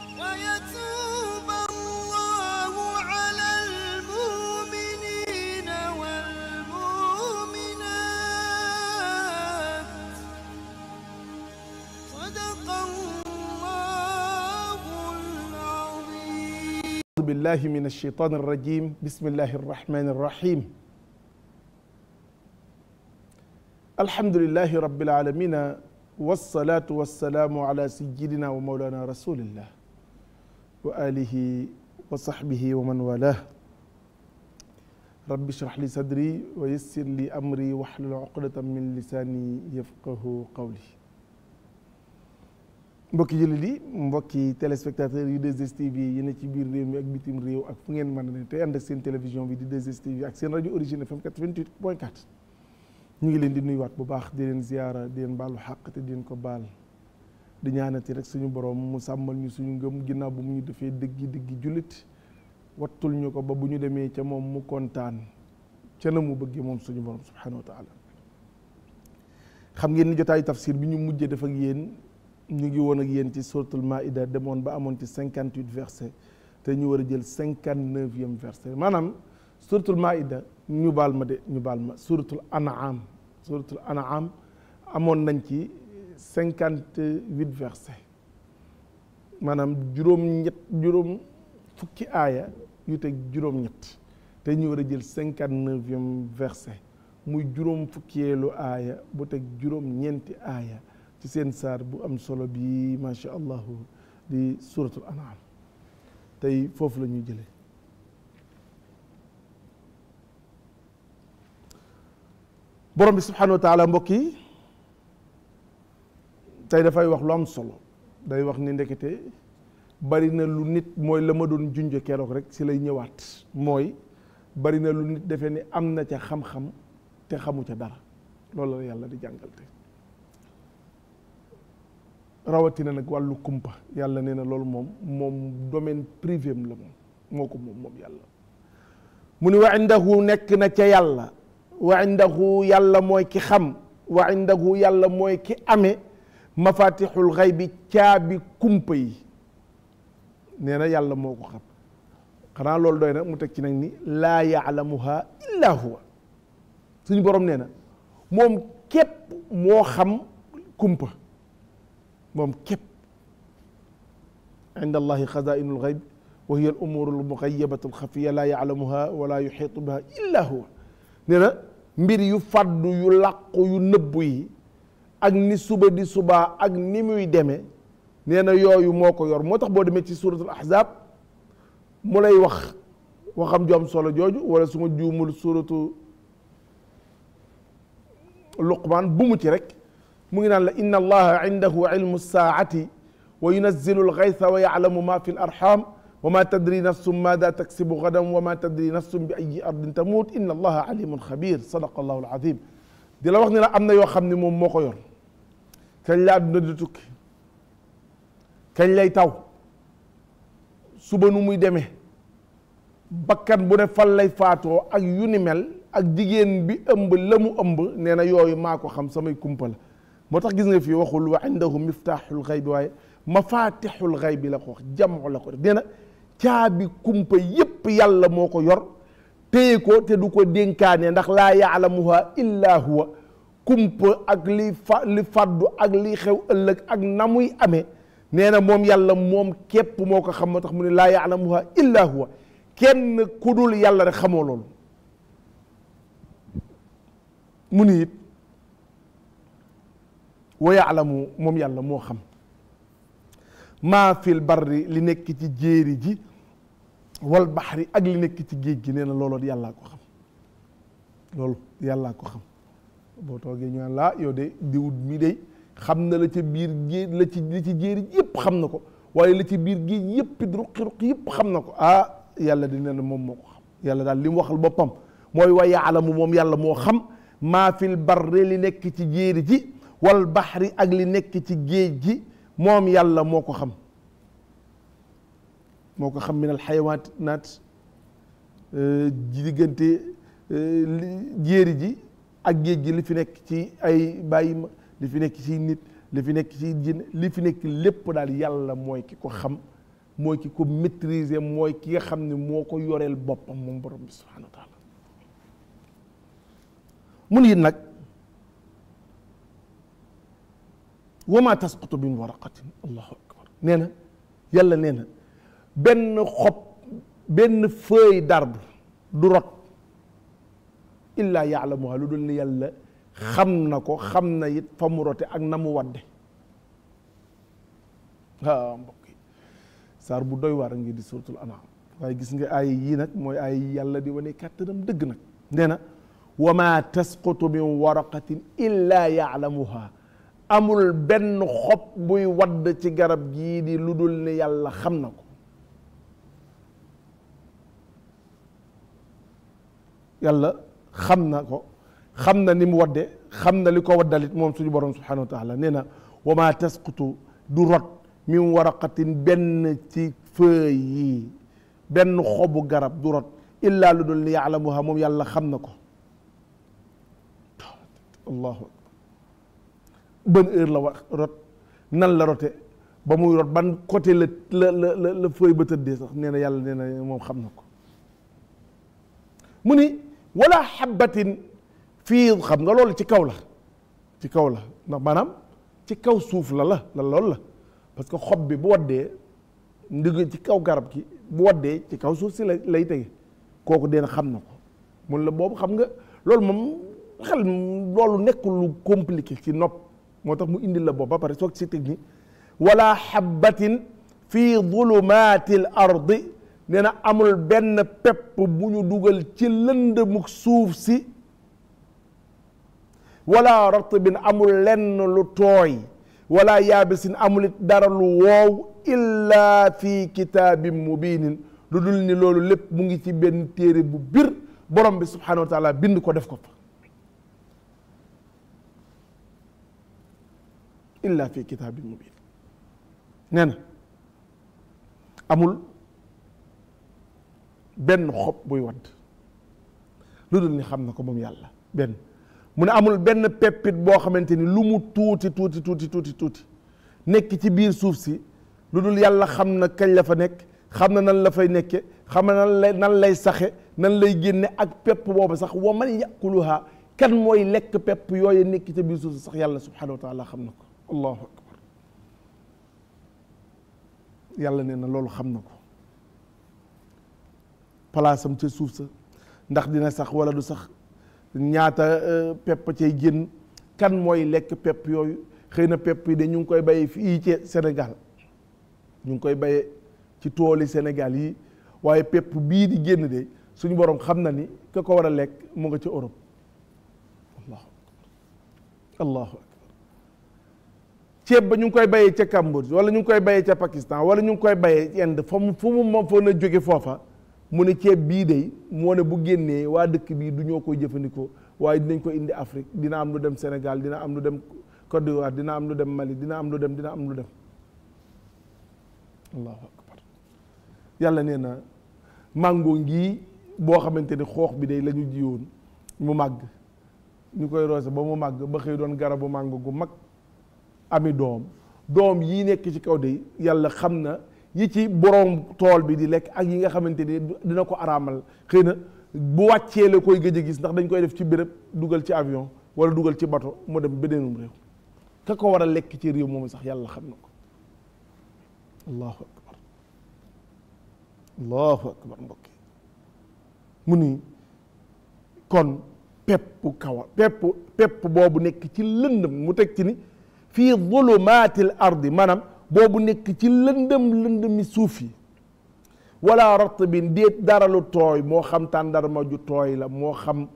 أعوذ بالله من الشيطان الرجيم بسم الله الرحمن الرحيم الحمد لله رب العالمين والصلاة والسلام على سيدنا ومولانا رسول الله wa alihi wa sahbihi wa man walah rabbi shrah li sadri wa yassir li amri wahlul uqdatan min lisani yafqahu qawli mbokki jullit yi mbokki téléspectateurs yu 2STV yi ne ci biir réew mi ak bitim réew ak fu ngeen mën a ne tey ànd ak seen télévision bi di 2STV ak seen rajo origine FM 88 point 4 ñu ngi leen di nuyuwaat bu baax di leen ziyaara di leen baalu xàq te di leen ko baal di ñaanati rek suñu boroom mu sàmmal ñu suñu ngëm ginnaaw bu mu ñu defee dëggi dëggi jullit wattul ñu ko ba bu ñu demee ca moom mu kontaan ca na mu bëggee moom suñu borom subhanahu wa xam ngeen ni jotaayu tafsir bi ñu mujjee def ak yéen ñu ngi woon ak yéen ci suratul maida demoon ba amoon ci cinquante huit verset te ñu war a jël cinquante neuvième verse maanaam suratul maida ñu baal ma de ñu baal ma suratul anaam suratul anaam amoon nañ ci cinquante huit versets maanaam juróom-ñett juróom fukki aaya yu teg juróom-ñett te ñu war a jël cinquante neuvième verset muy juróom fukkeelu aaya bu teg juróom-ñeenti aaya ci seen saar bu am solo bi macha allah di suratul anam tey foofu la jële borom bi subhanahu wa tey dafay wax lu am solo day wax ni ndekete bari na lu nit mooy la ma doon junj keroog rek si lay ñëwaat mooy bari na lu nit defee ni am na ca xam-xam te xamu ca dara loolu la yàlla di jàngal rawatina nag wàllu kumpa yàlla nee na loolu moom moom domaine privé la moom moo ko moom moom yàlla mu ni wa nekk na ca yàlla wa yàlla mooy ki xam wa yàlla mooy ki amee mafatixul xay bi caabi kumpa yi nee na yàlla moo ko xam xanaa loolu doy na mu teg ci nag ni laa yaalamuha illa huwa suñu borom nee na moom képp moo xam kumpa moom képp inda allahi xazainul xayb wa hiya al umuru al muxayabatu al xafiya laa yaalamuha biha illa huwa nee na mbir yu fàddu yu làqu yu nëbbu yi ak ni suba di subaa ak ni muy demee nee na yooyu moo ko yor moo tax boo demee ci a ahzab mu lay wax waxam ju am solo jooju wala su ma juumul suuratu luqmaan bu mu ci rek mu ngi naan la inna allaha indahu ilmu saati wa yunazzilu algaytha wa yalamu ma fi larham wa ma tadri nafsum maada taksibu gadan wa ma tadri nafsum bi ayi ardin tamuut inna allaha alimun xabir sadaqa allahu alazim di la wax ne la am na yoo xam ne moom moo ko yor kañ la àdduna di lay taw suba nu muy demee bakkan bu ne fan lay faatoo ak yu ni mel ak jigéen bi ëmb la mu ëmb nee na yooyu maa ko xam samay kumpa la moo tax gis nga fi waxul wa indahu miftaaxul xaybi bi la ko wax jamoo la ko def nee caabi kumpa yépp yàlla moo ko yor téye ko te du ko dénkaane ndax laa yaalamuha illa huwa kumpa ak li fa ak li xew ëllëg ak namuy ame amee nee na moom yàlla moom képp moo ko xam moo tax mu ne laa yaalamuha illa huwa kenn ku dul yàlla rek xamoo loolu mu ni it wa moom yàlla moo xam maa fil barri li nekk ci jéeri ji wal baxri ak li nekk ci géej gi nee na looloo yàllaa ko xam loolu yàllaa ko xam boo toogee ñu naan laa yow de diwut mi de xam na la ci biir géej la ci la ci jéeri yëpp xam na ko waaye la ci biir géej yëpp it ruqi ruqi yëpp xam na ko ah yàlla dina ne moom moo ko xam yàlla daal li waxal boppam mooy wa yaalamu moom yàlla moo xam maa fil barri li nekk ci jéeri ji wal baxri ak li nekk ci géej gi moom yàlla moo ko xam moo ko xam min al xayawaanaat euh, diggante jéeri euh, ji ak géej gi li fi nekk ci ay bàyyi ma li fi nekk ci nit li fi nekk ci jinn li fi nekk lépp daal yàlla mooy ki ko xam mooy ki ko maîtriser mooy ki nga xam ne moo ko yoreel boppam moom borom bi subhanahu wa taala mun it nag wa ma tasqutu min allahu akbar nee na yàlla nee na benn xob benn feuille d'arbre du rot illaa yaalamuha lu dul yàlla xam na ko xam na it fa mu rote ak na mu wadde saar bu doy waar a ngi di suratul anam waaye gis nga ay yii nag mooy ay yàlla di wane kàttanam dëgg nag nee na wa ma tasqutu min waraqatin illaa yaalamuha ci garab gii di yàlla xam na ko yàlla xam na ko xam na ni mu wadde xam na li ko waddalit moom suñu borom subhanahu wa taala nee na wa maa du rot min waraqatin benn ci benn xobu garab du rot illaa lu dul ni yàlla xam na ko allahu akbar la wax rot nan la rote ba muy rot ban côté la la la la feuille ba tëddee sax nee na yàlla nee na moom xam na ko mu ni wala xabbatin fii xam nga loolu ci kaw la ci kaw la ndax maanaam ci kaw suuf la la la loolu la parce que xob bi bu waddee ndig ci kaw garab gi bu waddee ci kaw suuf si la lay tege kooku dee deen xam na ko mun la boobu xam nga loolu moom xel loolu nekkul lu ci nopp moo tax mu indi la boobu ba pare ci si technique wala xabbatin fii dulumaati l ardi nee na amul benn pepp bu ñu dugal ci lëndëmuk suuf si wala ratbin amul lenn lu tooy walla yaabisin amul dara lu woow illa fi kitaabin mubinin lu dul ni loolu lépp mu ngi ci benn téere bu bir borom bi subhanahu wa bind ko def ko fa illa fi kitaabin mubin nee amul benn xob buy wadd lu dul ni xam na ko moom yàlla benn mu ne amul benn peppit boo xamante ni lu mu tuuti tuuti tuuti tuuti tuuti nekk ci biir suuf si lu dul yàlla xam na kañ la fa nekk xam na nan la fay nekke xam na nan lay nan lay saxe nan lay génne ak pepp boobu sax wa man yaquluha kan mooy lekk pepp yooyu nekk ci biir suuf si sax yàlla subhanahu wa taala xam na ko allahu akbar yàlla nee na loolu xam na ko place am ca suuf sa ndax dina sax wala du sax ñaata euh, pepp cay génn kan mooy lekk pepp yooyu xëy na pepp yi de ñu ngi koy bayee fii ci Sénégal ñu ngi koy bayee ci tooli senegal yi waaye pepp bii di génn de suñu boroom xam na ni ka ko war a lekk mu nga ci Europe allahu akbar allahu akbar ceeb ba ñu ngi koy bayee ca Cambodge wala ñu ngi koy bayee ca Pakistan wala ñu ngi koy bayee ci Inde fa mu fu mu moom foo na jóge foofa mu ne ceeb bii day moo ne bu génnee waa dëkk bii du ñoo koy jëfandikoo waaye dinañ ko indi Afrique dina am lu dem senegal dina am lu dem Côte dina am lu dem Mali dina am lu dem dina am lu dem allahu nee na màngo ngii boo xamante ni xoox bi day la jiwoon mu màgg ñu koy roose ba mu màgg ba xëy doon garabu màngo gu mag ami doom doom yi nekk ci kaw de yàlla xam na yi ci borom tool bi di lekk ak yi nga xamante ni dina ko araamal xëy na bu wàccee la koy gëj gis ndax dañ koy def ci béréb dugal ci avion wala dugal ci bato mu dem beneenum réew ka ko war a lekk ci réew moom sax yàlla xam na ko allahu akbar allahu akbar mbokki mu ni kon peppu kawa peppu pepp boobu nekk ci lëndëm mu teg ci ni fii zulumaati l ardi maanaam boobu nekk ci lëndëm lëndëmi suuf yi wala ratbin déet dara lu tooy moo xam tàndarma ju tooy la moo xam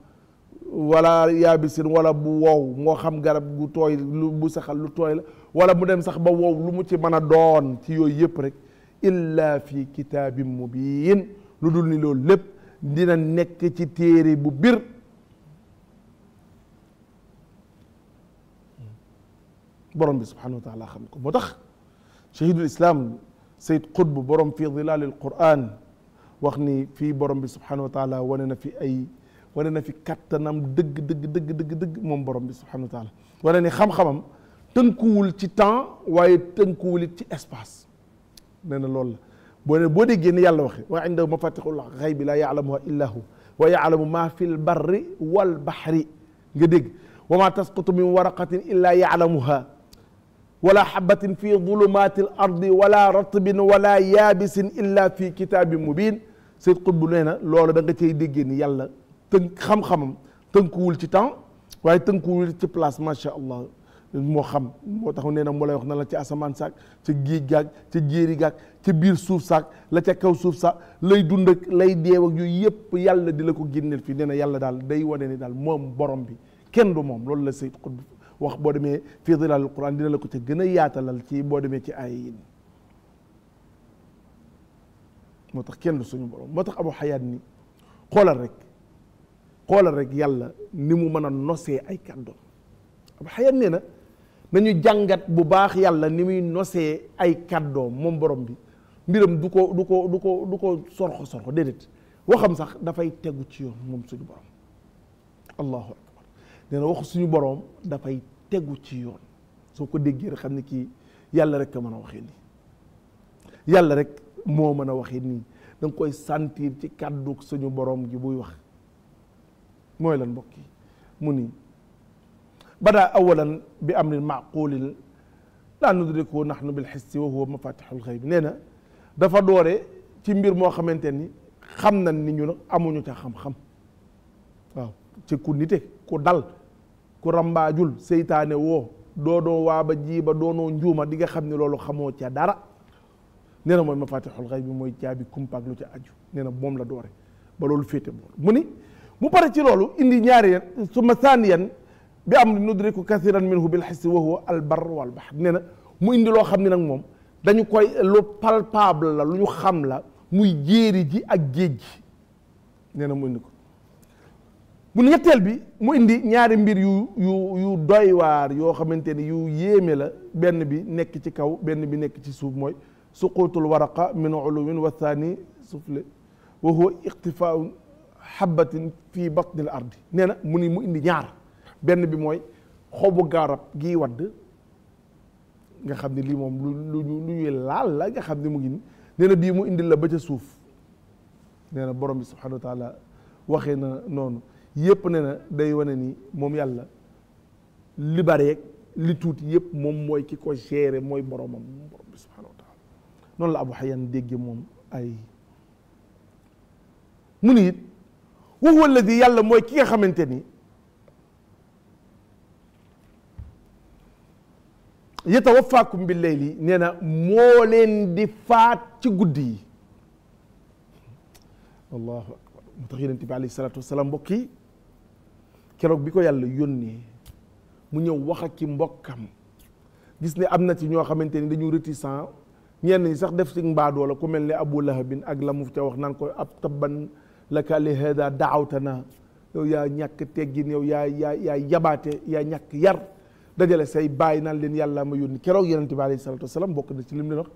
wala yaabisin walla bu wow moo xam garab gu tooy lu bu saxal lu tooy la wala mu dem sax ba wow lu mu ci mën a doon ci yooyu yëpp rek illa fi kitaabin mubin lu dul ni loolu lépp dina nekk ci téere bu bir borom bi subhanahu wa taala xam ko moo tax chahidul islam Seyd Qutb borom fi dilaalil Qur'an wax ni fii borom bi subhanahu wa taala wane na fi ay wane na fi kattanam dëgg dëgg dëgg dëgg dëgg moom borom bi subhanahu wa taala wane ni xam-xamam tënkuwul ci temps waaye tënkuwul it ci espace nee na loolu la boo ne boo déggee ni yàlla waxe wa indahu mafatixul xaybi laa yaalamuha illa hu wa yaalamu maa fi l barri wal baxri nga dégg wa maa tasqutu min waraqatin illa yaalamuha wala habatin fi dulumaati l ardi wala ratbin wala yaabisin illa fi kitaabin mubin Sayyid Qutb nee na loolu da nga cay déggee ni yàlla tënk xam-xamam tënkuwul ci temps waaye tënkuwul ci place macha allah moo xam moo tax nee na moo lay wax na la ci asamaan saak ca géej gaag ci jéeri gaag ci biir suuf saak la ca kaw suuf saak lay dund ak lay deew ak yooyu yëpp yàlla di la ko génneel fii nee na yàlla daal day wane ni daal moom borom bi kenn du moom loolu la Sayyid Qutb wax boo demee fii dilaalul quran dina la ko ca gën a yaatalal ci boo demee ci aaya yi moo tax kenn du suñu borom moo tax abu xayaat ni xoolal rek xoolal rek yàlla ni mu mën a nosee ay kàddoom abu xayaat nee na nañu jàngat bu baax yàlla ni muy nosee ay kàddoom moom borom bi mbiram du ko du ko du ko du ko sorxo sorxo déedéet waxam sax dafay tegu ci yoon moom suñu borom allahu nee wax suñu boroom dafay tegu ci yoon soo ko déggee rek xam ne kii yàlla rek a mën a waxee nii yàlla rek moo mën a waxee nii da nga koy sentir ci kàddu suñu boroom gi buy wax mooy lan mbokk yi mu ni badaa awalan bi amrin maqulin laa nudriku nahnu bil hissi wa huwa mafatihul xayb nee na dafa doore ci mbir moo xamante ni xam nañ ni amuñu ca xam-xam waaw ci ku nite ku dal ku rambaajul seytaane woo doodoo waaba jiiba doonoo njuuma di nga xam ne loolu xamoo ca dara nee na mooy mafatixul xay bi mooy caabi kumpaag lu ca aju nee na moom la doore ba loolu féete boor mu ni mu pare ci loolu indi ñaari yan suma saaniyan bi am nudriku kathiran minhu bil hissi wa huwa al barr wal bahr nee na mu indi loo xam ne nag moom dañu koy lu palpable la lu ñu xam la muy jéeri ji ak géej ji nee na mu indi ko bu ñetteel bi mu indi ñaari mbir yu yu yu doy waar yoo xamante ni yu yéeme la benn bi nekk ci kaw benn bi nekk ci suuf mooy suqutul waraqa min uluwin wa thani sufle wa huwa iqtifaau habatin fii batni ardi nee na mu ni mu indi ñaar benn bi mooy xobu garab gii wadd nga xam ne lii moom lu ñuy laal la nga xam ne mu ngi nii nee bii mu indil la ba ca suuf nee na borom bi subhanahu wa taala waxee na noonu yëpp ne na day wane nii moom yàlla li bareeg li tuuti yëpp moom mooy ki ko géré mooy boromam moom borom bi la abu xayan dégge moom ay mu ni it wa yàlla mooy ki nga xamante ni yatawafaakum bi leyli nee na moo leen di faat ci guddi yi allahu akbar mu tax yonent bi alayhi salaatu wasalaam mbokk yi keroog bi ko yàlla yónnee mu ñëw wax ak ci mbokkam gis ne am na ci ñoo xamante ni dañu réticent ñenn ñi sax def ci mbaadoo la ku mel ne abu lahabin ak la mu ca wax naan ko ab tabban laka li hada daawtana yow yaa ñàkk teggin yow yaa yaa yaa yabaate yaa ñàkk yar dajale say bàyyi naan leen yàlla ma yónni keroog yonent bi alayhi salatu wasalaam bokk na ci lim leen wax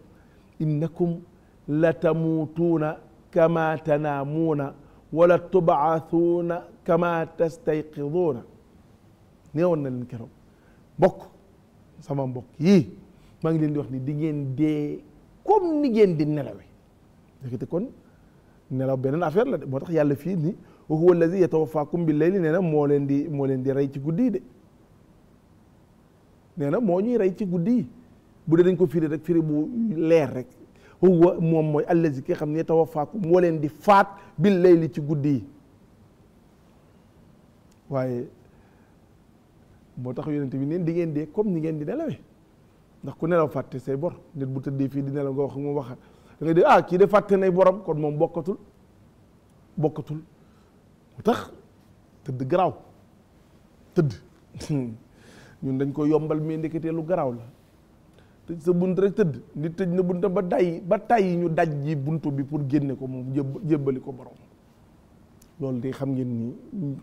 innakum la tamuutuuna kama tanaamuuna wala kama tastayqiduuna neewoon na leen keroog bokk sama mbokk yii maa ngi leen di wax nii di ngeen dee comme ni ngeen di nelawe léegi kon nelaw beneen affaire la de moo tax yàlla fii ni wa huwa allazi yatawaffakum bil layli nee na moo leen di moo leen di rey ci guddi yi de nee na moo ñuy rey ci guddi yi bu dee dañ ko firi rek firi bu leer rek huwa moom mooy allazi ki nga xam ne yatawaffakum moo leen di faat bil layli ci guddi yi waaye moo tax yonent bi neen di ngeen dee comme ni ngeen di nelawee ndax ku nelaw fàtte say bor nit bu tëddee fii di nelaw nga wax moom wax da nga de ah kii de fàtte nay borom kon moom bokkatul bokkatul moo tax tëdd garaaw tëdd ñun dañ ko yombal mais ndeketee lu garaaw la tëj sa bunt rek tëdd nit tëj na bunta ba day ba tàyyi ñu daj ji bunt bi pour génne ko moom jébbali ko borom loolu de xam ngeen nii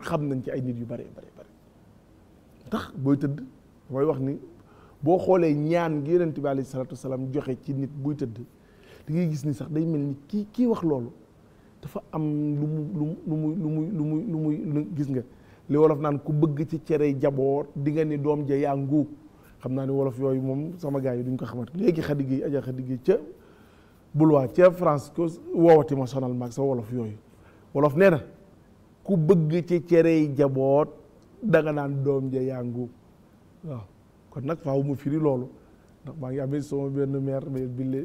xam nañ ci ay nit yu bare bare bare tax booy tëdd mooy wax ni boo xoolee ñaan gi yonent bi alayhi salaatu wasalaam joxe ci nit buy tëdd da ngay gis ni sax day mel ni kii kii wax loolu dafa am lu mu lu mu lu muy lu muy muy lu gis nga li wolof naan ku bëgg ci cere jaboot di nga ni doom ja yaa nguub xam naa ni wolof yooyu moom sama gars yi duñ ko xamante léegi xadigg yi aja xadigg ca bulwaa ca France ko woowati ma sonal maag sa wolof yooyu wolof nee na ku bëgg ci cerey jaboot danga naan doom ja yàngu waaw kon nag faaw mu firi loolu ndax maa ngi amee sama benn maire mais bille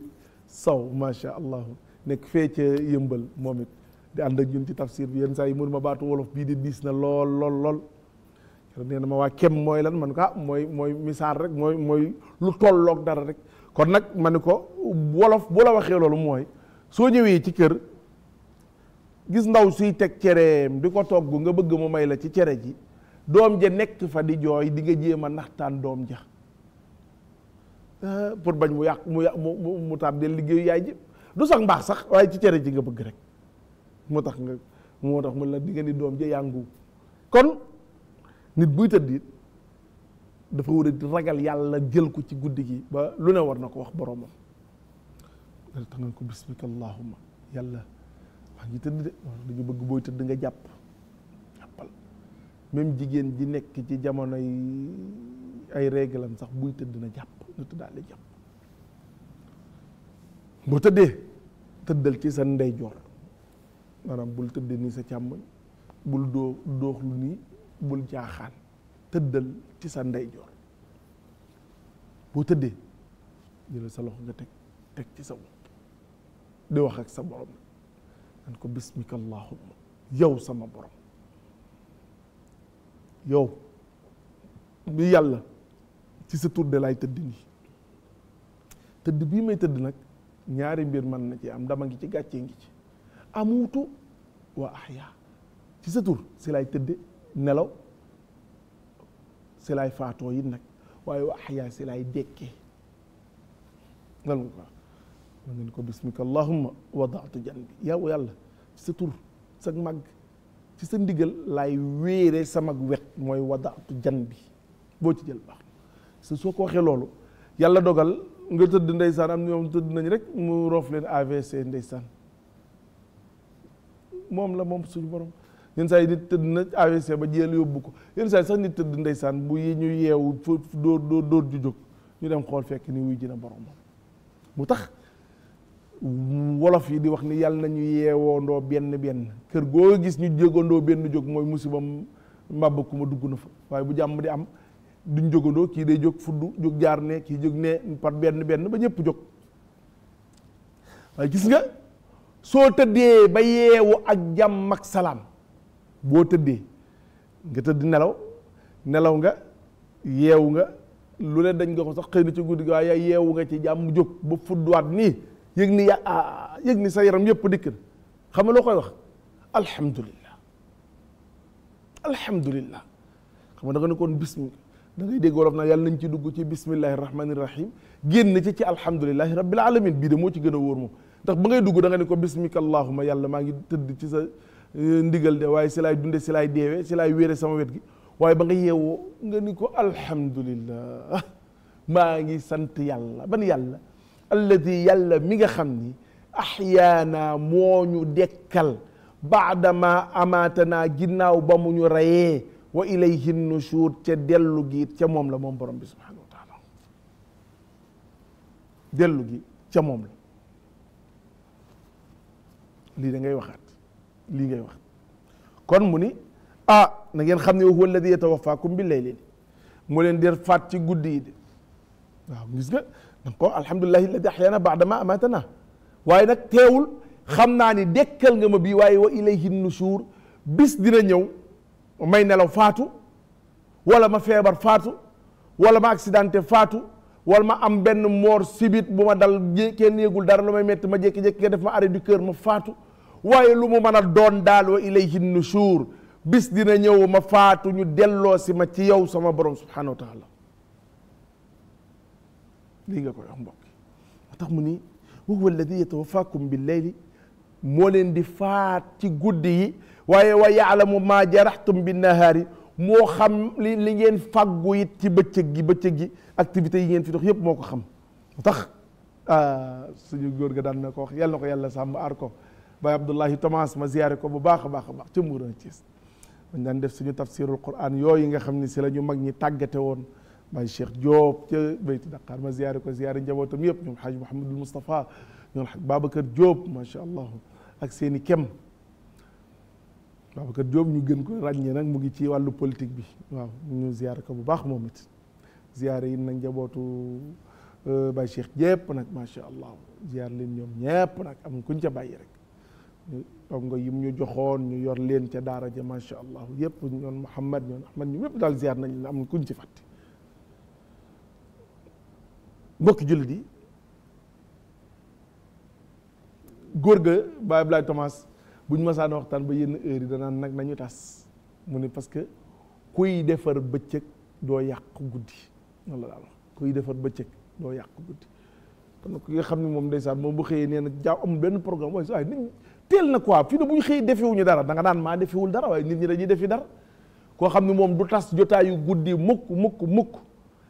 saw macha allah nekk fee ca yëmbal moom it di ànd ak ñun ci tafsir bi yenn sax yi ma baatu wolof bii di diis na lool lool lool nee ma waa kem mooy lan man ko ah mooy mooy misaal rek mooy mooy lu tolloog dara rek kon nag ma ne ko wolof bu la waxee loolu mooy soo ñëwee ci kër gis ndaw suy teg cereem di ko togg nga bëgg mu may la ci cere ji doom ja nekk fa di jooy di nga jéem a naxtaan doom ja ah, pour bañ mu yàq mu yàq mu mu mu tàmbali liggéeyu yaay ji du sax mbaax sax waaye ci cere ji nga bëgg rek moo tax nga moo tax mu la di ni doom ja yàngu kon nit buy tëdd dafa war a ragal yàlla jël ko ci guddi gi ba lu ne war na ko wax boromam. dal tax nga ko bismika allahumma yàlla. waa ngi tëdd de dañu bëgg booy tëdd nga jàpp jàppal jigéen ji nekk ci jamono yi ay réglam sax buy tëdd na jàpp na tëddaale jàpp boo tëddee tëddal ci sa ndeyjoor maanaam bul tëdd nii sa càmmoñ bul doo dooxlu nii bul jaaxaan tëddal ci sa ndeyjoor boo tëddee jëlal sa loxo nga teg teg ci sa bopp di wax ak sa borom nan bismika allahumma sama borom yow bi yàlla ci sa tur de laay tëdd nii tëdd bii may tëdd nag ñaari mbir man na ci am dama ngi ci gàccee ngi ci amuutu wa ahya ci sa tur si laay tëdde nelaw si laay faatoo yi nag waaye wa ahya si laay dekkee ma ngeen ko bismika allahumma jan janbi yow yàlla sa tur sa màgg ci sa ndigal laay wéere sama wet mooy wadaatu bi boo ci jël baax sa soo ko waxee loolu yàlla dogal nga tëdd ndeysaan am ñoom tëdd nañ rek mu roof leen AVC ndeysaan moom la moom suñu borom yenn saa yi nit tëdd na AVC ba jël yóbbu ko yenn saa yi sax nit tëdd ndeysaan bu yi ñu yeewu fa dóor dóor dóor ju ñu dem xool fekk ni wuy jina borom mu tax wolof yi di wax ni yàlla nañu yeewoondoo benn benn kër goo gis ñu jógandoo benn jóg mooy musibam mbàbb ma dugg na fa waaye bu jàmm di am duñ jógandoo kii day jóg fudd jóg jaar ne kii jóg ne par benn benn ba ñëpp jóg waaye gis nga soo tëddee ba yeewu ak jàmm ak salaam boo tëddee nga tëdd nelaw nelaw nga yeewu nga lu ne dañ nga ko sax xëy na ci guddi ga waaye yeewu nga ci jàmm jóg ba fuddwaat nii yëg ni ya ah, yëg sa yaram yëpp dikk na xam nga loo koy wax alhamdulillah alhamdulillah xam nga da nga ne kon bismi da dégg wolof naa yàlla nañ ci dugg ci bismillahi rahmani rahim génn ci ci alhamdulillahi rabbil alamin bii de moo ci gën a wóor moom ndax ba ngay dugg da nga ko bismika allahuma yàlla maa ngi tëdd ci sa eh, ndigal de waaye si laay dunde si laay deewee si laay wéere sama wet gi waaye ba nga yeewoo nga ni ko alhamdulillah maa ngi sant yàlla ban yàlla alladi yàlla mi nga xam ni axyaana moo ñu dekkal baadama amaatanaa ginnaaw ba mu ñu rayee wa ilayhi nushur ca dellu gi ca moom la moom borom bi subhanahu dellu gi ca moom la lii da waxaat kon mu ni ah na ngeen xam ne huwa alladi yatawaffakum bi layli mu leen di faat ci guddi yi de danga ko alhamdulilahi alladi baax dama ma amatana waaye nag teewul xam naa ni dekkal nga ma bii waaye wa ilayhi nushur bis dina ñëw may nelaw faatu wala ma feebar faatu wala ma accidenté faatu wala ma am benn moor sibit bu ma dal kenn yëgul dara lu may métti ma jékki-jékki def ma arrêt du cœur ma faatu waaye lu mu mën a doon daal wa ilayhi nushur bis dina ñëw ma faatu ñu delloo si ma ci yow sama borom subhanahu wa lii nga ko wax mbokk moo tax mu ni wa huwa alladi yatawaffakum bil layli moo leen di faat ci guddi yi waaye wa yaalamu maa jaraxtum bi nahaari moo xam li li ngeen fàggu it ci bëccëg gi bëccëg gi activités yi ngeen fi dox yëpp moo ko xam moo tax ah, suñu góor ga daan na ko wax yàlla na ko yàlla sàmm aar ko bay Abdullahi Thomas ma ziyaare ko bu baax a baax a baax ci Mbuur Thiès dañ daan def suñu tafsirul Qur'an yooyu nga xam ne si la ñu mag ñi tàggate woon bàyyi Cheikh Diop ca bayti Dakar ma ziyaare ko ziyaare njabootam yëpp ñoom xaaj Mouhamadul Moustapha ñoom Babacar Diop macha allah ak seen i kem Babacar Diop ñu gën ko ràññee nag mu ngi ci wàllu politique bi waaw ñu ziyaare ko bu baax moom it ziyaare yi nag njabootu Baye jepp yëpp nag macha allah ziyaare leen ñoom ñëpp nag am kuñ ca bàyyi rek dongo yim ñu joxoon ñu yor leen ca daara ja macha allah yëpp ñoom Mouhamad ñoom Ahmad ñu yëpp daal ziyaar nañ am kuñ ci fàtte mbokki jullit yi góor ga Baye Blaye Thomas bu ñu masaan waxtaan ba yenn heure yi danaan nag nañu tas mu ne parce que kuy defar bëccëg doo yàq guddi loolu daal kuy defar bëccëg doo yàq ki nga xam ni moom ndeysaan moom bu xëyee nee na jaaw amul benn programme waaye waaye nit teel na quoi fii ne bu ñu xëyee defewuñu dara da nga naan maa defewul dara waaye nit ñi dañuy defi dara koo xam ne moom du tas jotaayu guddi mukk mukk mukk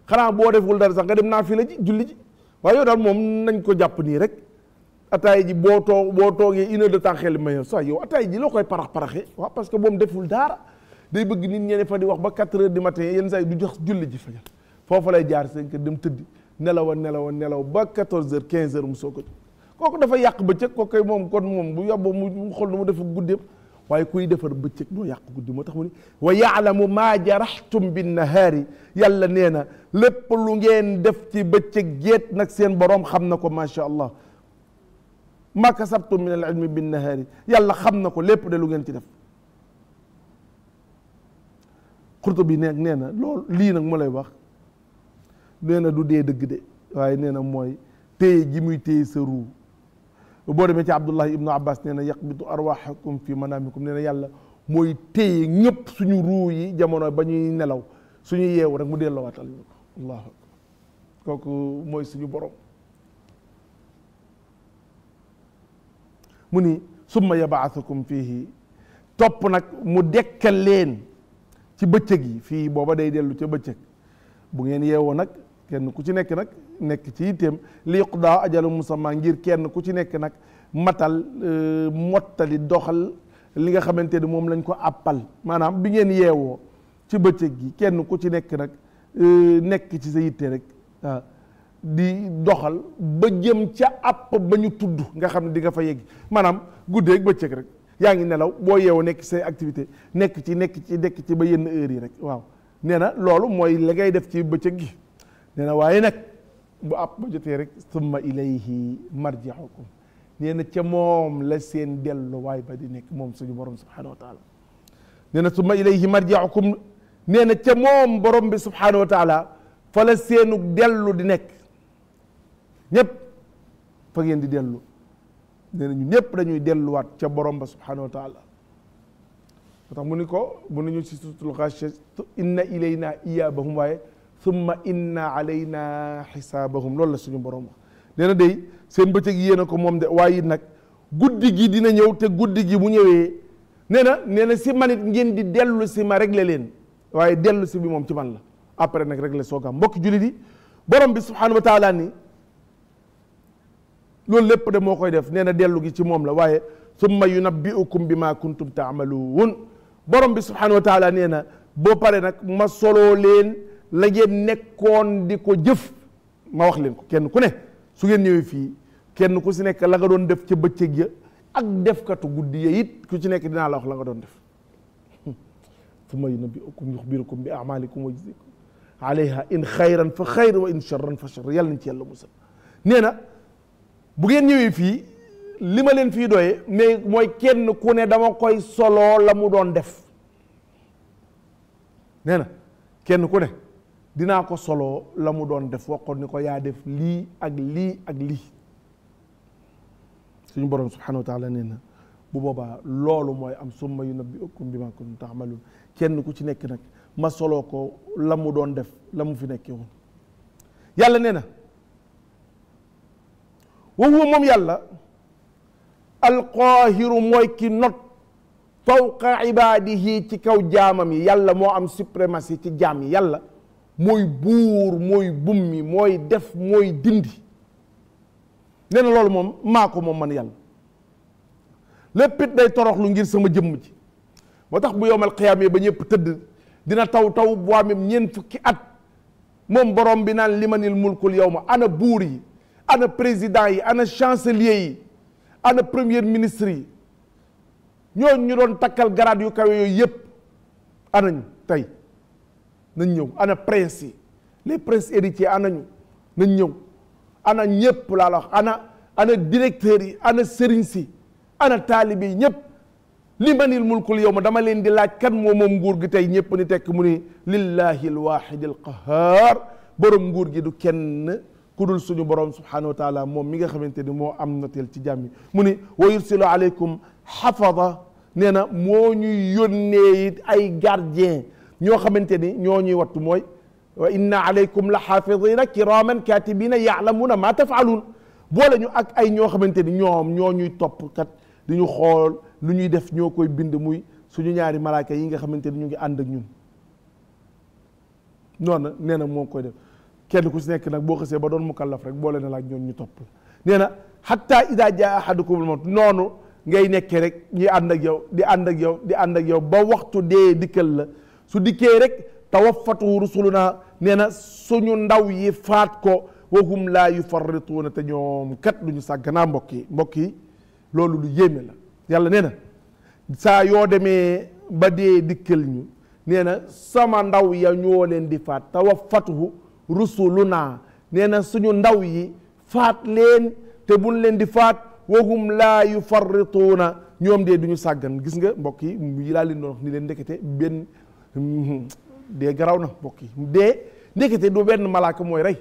xanaa boo deful dara sax nga dem naa fi la julli ji waaye yow daal moom nañ ko jàpp nii rek ataay ji boo toog boo toogee une heure de temps xel ma yow sax yow ataay ji loo koy parax paraxee waaw parce que moom deful dara day bëgg nit ñene fa di wax ba quatre heures du matin yenn saa yi du jox julli ji fajar foofu lay jaar seen kër dem tëddi nelaw a nelaw a nelaw ba quatorze heures quinze heures mu soo ko kooku dafa yàq bëccëg kooku koy moom kon moom bu yobbo mu xool nu mu defar guddeem waaye kuy defar bëccëg noo yàq guddi moo tax mu ne wa yaalamu maa jaraxtum binnahaari yàlla nee na lépp lu ngeen def ci bëccëg géet nag seen boroom xam na ko macha allah ma kasabtum min al ilmi bin nahaari yàlla xam na ko lépp de lu ngeen ci def Qurtubi nee nee na loolu lii nag mu lay wax nee na du dee dëgg de waaye nee na mooy téye gi muy téye sa ruu boo demee ci Abdullahi ibnu Abbas nee na yaqbitu arwahakum fi manamikum nee na yàlla mooy téye ñëpp suñu ruu yi jamono ba ñuy nelaw suñu yeewu rek mu delloowaat ñu ko allahu akbar kooku mooy suñu borom mu ni summa yabaasukum fiihi topp nag mu dekkal leen ci bëccëg yi fii booba day dellu ca bëccëg bu ngeen yeewoo nag kenn ku ci nekk nag nekk ci itteem li daa ajalu musamma ngir kenn ku ci nekk nag matal euh, mottali doxal li nga xamante ni moom lañ ko àppal maanaam bi ngeen yeewoo ci bëccëg gi kenn ku ci nekk nag E, nekk ci sa yitte rek di doxal ba jëm ca àpp ba ñu tudd nga xam ne di nga fa yegg maanaam guddeeg bëccëg rek yaa ngi nelaw boo yeewoo nekk ci say activité nekk ci nekk ci nekk ci ba yenn heure yi rek waaw nee na loolu mooy la ngay def ci bëccëg gi nee waaye nag bu àpp ba jotee rek summa ilayhi marji'ukum nee na ca moom la seen delluwaay ba di nekk moom suñu borom subhanahu wa taala summa ilayhi marji'ukum nee na ca moom borom bi subhaanahu wa taala fa la seenu dellu di nekk ñépp fa ngeen di dellu nee na ñu ñëpp dañuy delluwaat ca borom ba subhaanahu wa taala tax mu ni ko mu ni ñu si sutul xaashiya inna ilayna iyaabahum waaye summa inna alayna xisaabahum loolu la suñu borom wax nee yéen ko moom de waaye nag guddi gi dina ñëw te guddi gi bu ñëwee nee na nee na si manit ngeen di dellu si ma réglé leen waaye dellu si bi moom ci man la après nag rek la soog am mbokk jullit yi borom bi subhanahu wa ni loolu lépp de moo koy def nee na dellu gi ci moom la waaye summa yunabbiukum bi ma kuntum taamaluun borom bi subhanahu wa taala nee na boo pare nag ma soloo leen la ngeen nekkoon di ko jëf ma wax leen ko kenn ku ne su ngeen ñëwee fii kenn ku si nekk la nga doon def ca bëccëg ya ak defkatu guddi ya it ku ci nekk dinaa la wax la nga doon def summa yu yukhbirukum bi a'malikum wa yujzikum alayha in xayran fa xayr wa in charran fa charr yàlla nañ ci yàlla musal nee na bu ngeen ñëwee fii li ma leen fii doyee mais mooy kenn ku ne dama koy soloo la mu doon def nee na kenn ku ne dinaa ko soloo la mu doon def waxoon ni ko yaa def lii ak lii ak lii suñu borom subhanahu wa taala na bu boobaa loolu mooy am summa yunabbi'ukum bima kuntum ta'malun kenn ku ci nekk nag ma soloo ko la mu doon def la mu fi nekkee woon yàlla nee na wa huwa moom yàlla alqaahiru mooy ki not fawqa ibaadihi ci kaw jaamam yi yàlla moo am suprématie ci jaam yi yàlla mooy buur mooy bummi mooy def mooy dindi nee loolu moom maa ko moom man yàlla lépp day toroxlu ngir sama jëmm ci moo tax bu yowmal xiyaamee ba ñëpp tëdd dina taw taw bu amee ñeent fukki at moom borom bi naan limanil mulkul yawma ana buur yi ana président yi ana chancelier yi ana premier ministre yi ñooy ñu doon takkal garaat yu kawe yooyu yëpp anañu tey nañ ñëw ana prince yi les princes héritiers anañu nañ ñëw ana ñëpp laa la wax ana ana directeurs yi ana sëriñ si ana taalibe yi ñëpp li manil mulkul yow ma dama leen di laaj kan moo moom nguur gi tey ñëpp ni tekk mu ni lillahi alwaxidi alqahaar borom nguur gi du kenn ku dul suñu borom subhanahu wa taala moom mi nga xamante ni moo am noteel ci jàmm yi mu ni wa yursilu aleykum xafada nee na moo ñuy yónnee it ay gardien ñoo xamante ni ñoo ñuy wattu mooy wa inna aleykum la xaafidina kiraman katibina yaalamuuna maa tafaaluun boole ñu ak ay ñoo xamante ni ñoom ñoo ñuy topp kat di xool lu ñuy def ñoo koy bind muy suñu ñaari malaaka yi nga xamante ni ñu ngi ànd ak ñun noonu nee na moo koy def kenn ku si nekk nag boo xasee ba doon mukallaf rek boole na laaj ñoom ñu topp nee na xatta idaa jaa ahadukumul noonu ngay nekkee rek ñuy ànd yow di ànd ak yow di ànd ak yow ba waxtu dee dikkal la su dikkee rek tawaffatu rusuluna nee na suñu ndaw yi faat ko wa hum laa yufarrituuna te kat lu ñu sàkk naa mbokki mbokk yi loolu lu yéeme la yàlla nee na saa yoo demee ba dee dikkal ñu nee na sama ndaw ya ñoo leen di faat tawaffatuhu rusuluna nee na suñu ndaw yi faat leen te buñ leen di faat wahum laa na ñoom dee du ñu sàggan gis nga mbokk yi laa leen doon wax ni leen ndekete benn dee garaw na mbokk yi dee ndekete du benn malaaka mooy rey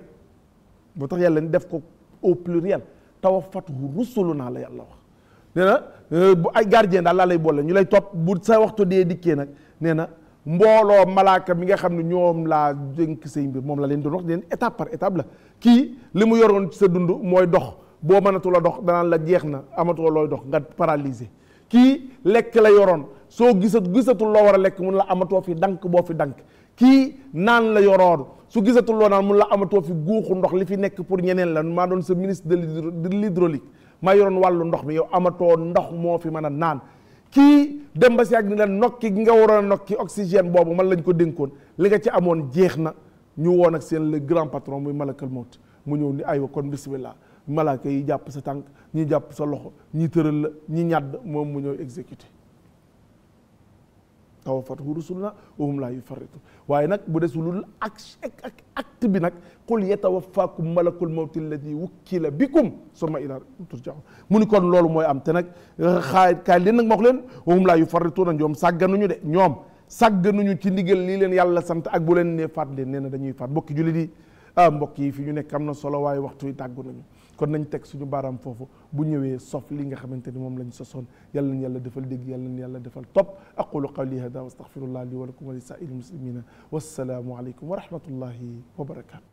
moo tax yàlla ni def ko au pluriel tawaffatuhu rusuluna la yàlla wax nee na euh, bu ay gardien daal laa lay boole ñu lay topp bu sa waxtu dee dikkee nag nee na mbooloo malaaka bi nga xam ne ñoom laa dénk say mbir moom la leen doon wax leen étape par étape la kii li mu yoroon ci sa dund mooy dox boo mënatu la dox danaan la jeex na amatoo looy dox nga paralysé kii lekk la yoroon soo gisat gisatul loo war a lekk mun la amatoo fi dank boo fi dank kii naan la yoroon su gisatul loo naan mun la amatoo fi guuxu ndox li fi nekk pour ñeneen la maa doon sa ministre de maa yoroon wàllu ndox mi yow amatoo ndox moo fi mën a naan kii dem ba si ak ni la nokki gi nga waroon a nokki oxygène boobu man lañ ko dénkoon li nga ci amoon jeex na ñu woon ak seen le grand patron muy malakal mawt mu ñëw ni aywa kon bismillah malaaka yi jàpp sa tànk ñi jàpp sa loxo ñi tëral la ñi ñàdd moom mu ñëw exécuté tawaffatuhu rusuluna wa hum laa yufarritun waaye nag bu des lu ak ak acte bi nag qul yatawaffakum malakul mawti alladi wukkila bikum summa ilaa turja'un mu ni kon loolu mooy am te nag xaay kaay leen nag ma wax leen wa hum laa yufarrituna ñoom sàgganuñu de ñoom sàgganuñu ci ndigal lii leen yàlla sant ak bu leen nee faat leen nee na dañuy faat mbokki jullit yi ah mbokk yi fi ñu nekk am na solo waaye waxtu yi tàggu nañu kon nañu teg suñu baaraam foofu bu ñëwee sof li nga xamante ni moom lañ sosoon yàlla yalla yàlla defal dégg yàlla na yàlla defal topp aqulu qawli hada wa astaghfirullah li wa lakum wa li saa'iril muslimina wassalaamu aleykum wa rahmatullahi wa barakatu